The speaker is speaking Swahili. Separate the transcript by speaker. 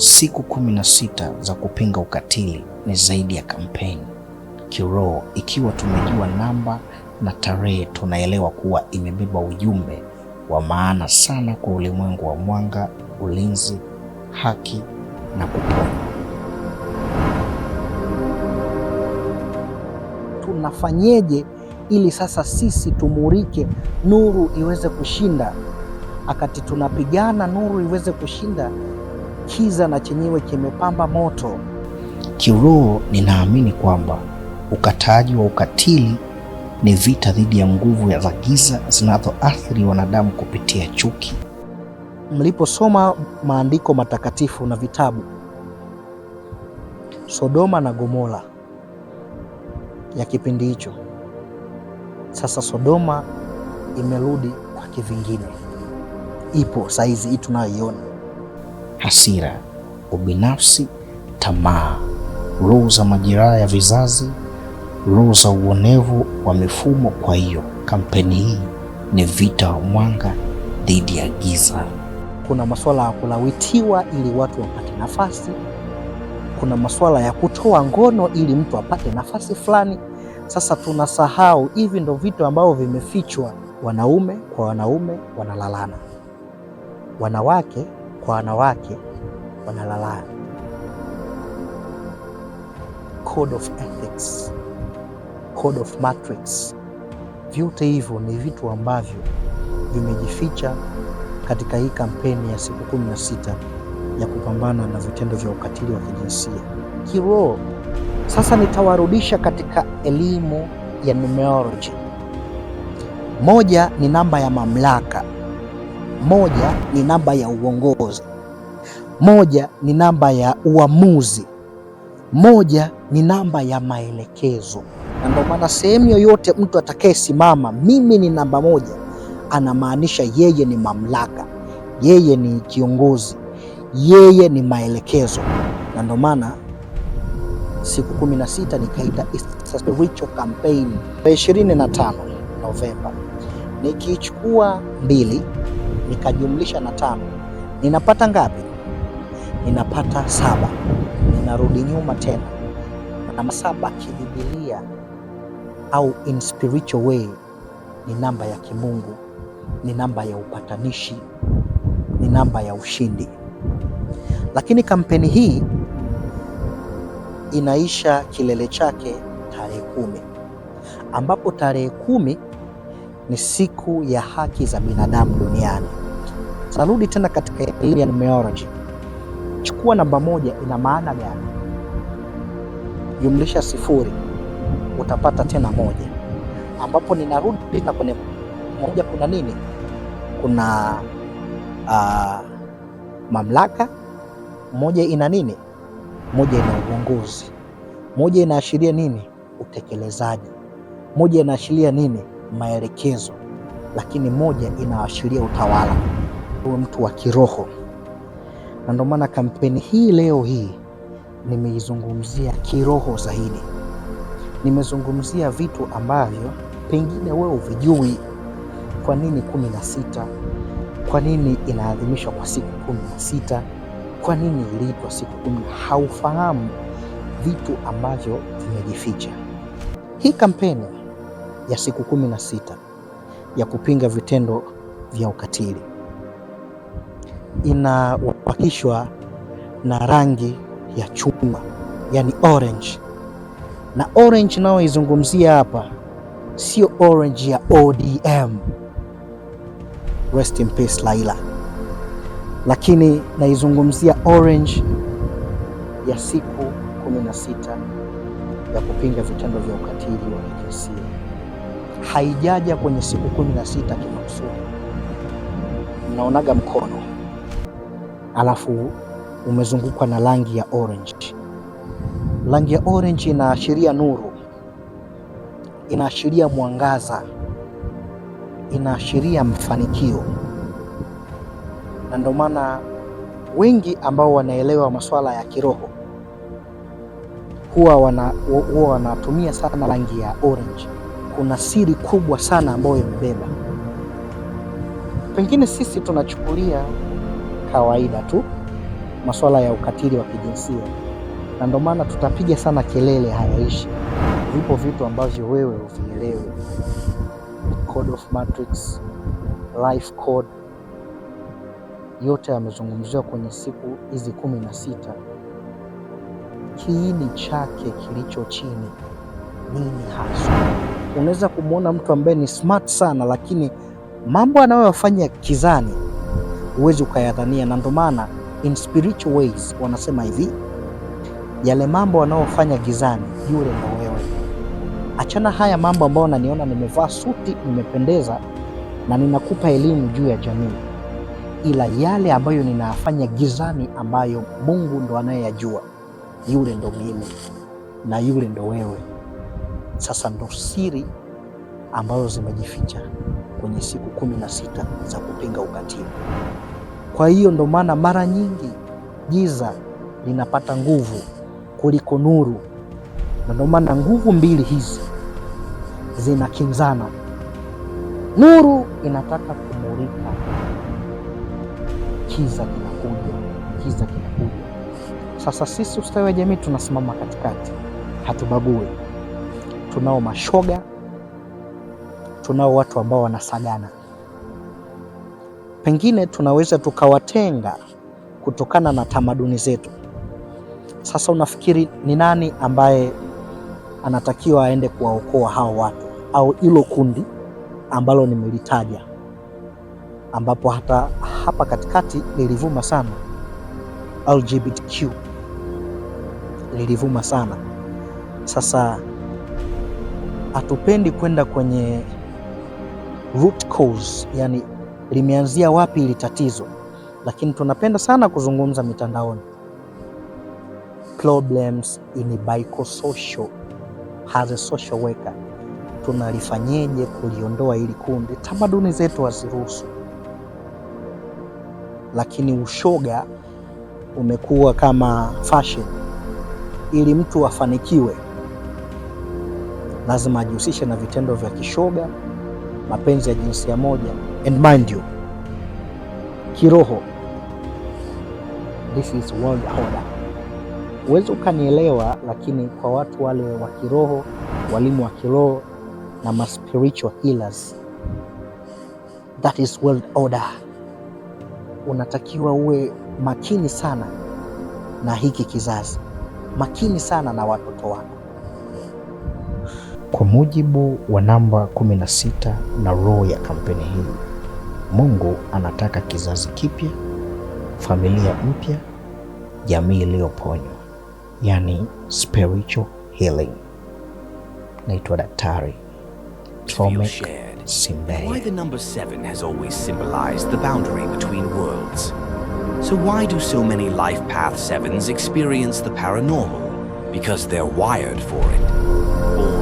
Speaker 1: Siku kumi na sita za kupinga ukatili ni zaidi ya kampeni kiroho. Ikiwa tumejua namba na tarehe, tunaelewa kuwa imebeba ujumbe wa maana sana kwa ulimwengu wa mwanga, ulinzi, haki na kuponya.
Speaker 2: Tunafanyeje ili sasa sisi tumurike, nuru iweze kushinda? akati tunapigana nuru iweze kushinda kiza na chenyewe kimepamba moto.
Speaker 1: Kiroho, ninaamini kwamba ukataji wa ukatili ni vita dhidi ya nguvu za giza zinazoathiri wanadamu kupitia chuki.
Speaker 2: Mliposoma maandiko matakatifu na vitabu, Sodoma na Gomora ya kipindi hicho, sasa Sodoma imerudi kwa kivingine, ipo saizi hii tunayoiona
Speaker 1: hasira, ubinafsi, tamaa, roho za majeraha ya vizazi, roho za uonevu wa mifumo. Kwa hiyo kampeni hii ni vita wa mwanga dhidi ya giza.
Speaker 2: Kuna masuala ya kulawitiwa ili watu wapate nafasi, kuna masuala ya kutoa ngono ili mtu apate nafasi fulani. Sasa tunasahau hivi ndo vitu ambavyo vimefichwa. Wanaume kwa wanaume wanalalana, wanawake kwa wanawake wanalalana.
Speaker 1: Code of ethics, code of matrix,
Speaker 2: vyote hivyo ni vitu ambavyo vimejificha katika hii kampeni ya siku kumi na sita ya kupambana na vitendo vya ukatili wa kijinsia kiroho. Sasa nitawarudisha katika elimu ya numerology. Moja ni namba ya mamlaka. Moja ni namba ya uongozi, moja ni namba ya uamuzi, moja ni namba ya maelekezo. Na ndio maana sehemu yoyote mtu atakayesimama mimi ni namba moja, anamaanisha yeye ni mamlaka, yeye ni kiongozi, yeye ni maelekezo. Na ndio maana siku kumi na sita nikaita spiritual campaign. 25 Novemba nikichukua mbili nikajumlisha na tano, ninapata ngapi? Ninapata saba. Ninarudi nyuma tena. Namba saba kibibilia au in spiritual way ni namba ya kimungu, ni namba ya upatanishi, ni namba ya ushindi. Lakini kampeni hii inaisha kilele chake tarehe kumi ambapo tarehe kumi ni siku ya haki za binadamu duniani. Tarudi tena katika elimu ya numerology. Chukua namba moja ina maana gani? Jumlisha sifuri utapata tena moja, ambapo ninarudi tena kwenye moja. Kuna nini? Kuna uh, mamlaka. Moja ina nini? Moja ina uongozi. Moja inaashiria nini? Utekelezaji. Moja inaashiria nini? maelekezo, lakini moja inaashiria utawala, uwe mtu wa kiroho. Na ndio maana kampeni hii leo hii nimeizungumzia kiroho zaidi, nimezungumzia vitu ambavyo pengine wewe uvijui. Kwa nini kumi na sita? Kwa nini inaadhimishwa kwa siku kumi na sita? Kwa nini iliitwa siku kumi? Haufahamu vitu ambavyo vimejificha. Hii kampeni ya siku kumi na sita ya kupinga vitendo vya ukatili inawakishwa na rangi ya chuma yani orange. Na orange nayoizungumzia hapa sio orange ya ODM, rest in peace Laila, lakini naizungumzia orange ya siku 16 ya kupinga vitendo vya ukatili wa kijinsia haijaja kwenye siku kumi na sita kimakusudi. Mnaonaga mkono alafu umezungukwa na rangi ya orange. Rangi ya orange inaashiria nuru, inaashiria mwangaza, inaashiria mfanikio na ndio maana wengi ambao wanaelewa masuala ya kiroho huwa wana, huwa wanatumia sana rangi ya orange una siri kubwa sana ambayo imebeba. Pengine sisi tunachukulia kawaida tu masuala ya ukatili wa kijinsia, na ndio maana tutapiga sana kelele hayaishi. Vipo vitu ambavyo wewe uvielewe, code of matrix, life code, yote yamezungumziwa kwenye siku hizi kumi na sita. Kiini chake kilicho chini nini hasa? unaweza kumwona mtu ambaye ni smart sana, lakini mambo anayoyafanya kizani huwezi ukayadhania. Na ndio maana in spiritual ways wanasema hivi, yale mambo anayofanya gizani yule ndo wewe. Achana haya mambo ambayo naniona nimevaa suti, nimependeza na ninakupa elimu juu ya jamii, ila yale ambayo ninayafanya gizani, ambayo Mungu ndo anayeyajua, yule ndo mimi na yule ndo wewe. Sasa ndo siri ambazo zimejificha kwenye siku kumi na sita za kupinga ukatili. Kwa hiyo ndo maana mara nyingi giza linapata nguvu kuliko nuru, na ndo maana nguvu mbili hizi zinakinzana. Nuru inataka kumulika, kiza kinakuja, kiza kinakuja. Sasa sisi ustawi wa jamii tunasimama katikati, hatubagui tunao mashoga, tunao watu ambao wanasagana. Pengine tunaweza tukawatenga kutokana na tamaduni zetu. Sasa unafikiri ni nani ambaye anatakiwa aende kuwaokoa hao watu au hilo kundi ambalo nimelitaja, ambapo hata hapa katikati lilivuma sana LGBTQ, lilivuma sana sasa hatupendi kwenda kwenye root cause, yani limeanzia wapi ili tatizo, lakini tunapenda sana kuzungumza mitandaoni problems in psychosocial has a social worker. Tunalifanyeje kuliondoa ili kundi? Tamaduni zetu haziruhusu, lakini ushoga umekuwa kama fashion ili mtu afanikiwe lazima ajihusishe na vitendo vya kishoga, mapenzi ya jinsia moja, and mind you, kiroho, this is world order. Huwezi ukanielewa, lakini kwa watu wale wa kiroho, walimu wa kiroho na ma spiritual healers, that is world order. Unatakiwa uwe makini sana na hiki kizazi, makini sana na watoto wako.
Speaker 1: Kwa mujibu wa namba 16 na roho ya kampeni hii, Mungu anataka kizazi kipya, familia mpya, jamii iliyoponywa, yani spiritual healing. Naitwa Daktari Tomek Simbeye. Why the number 7 has always symbolized the boundary between worlds. So why do so many life path sevens experience the paranormal? Because they're wired for it.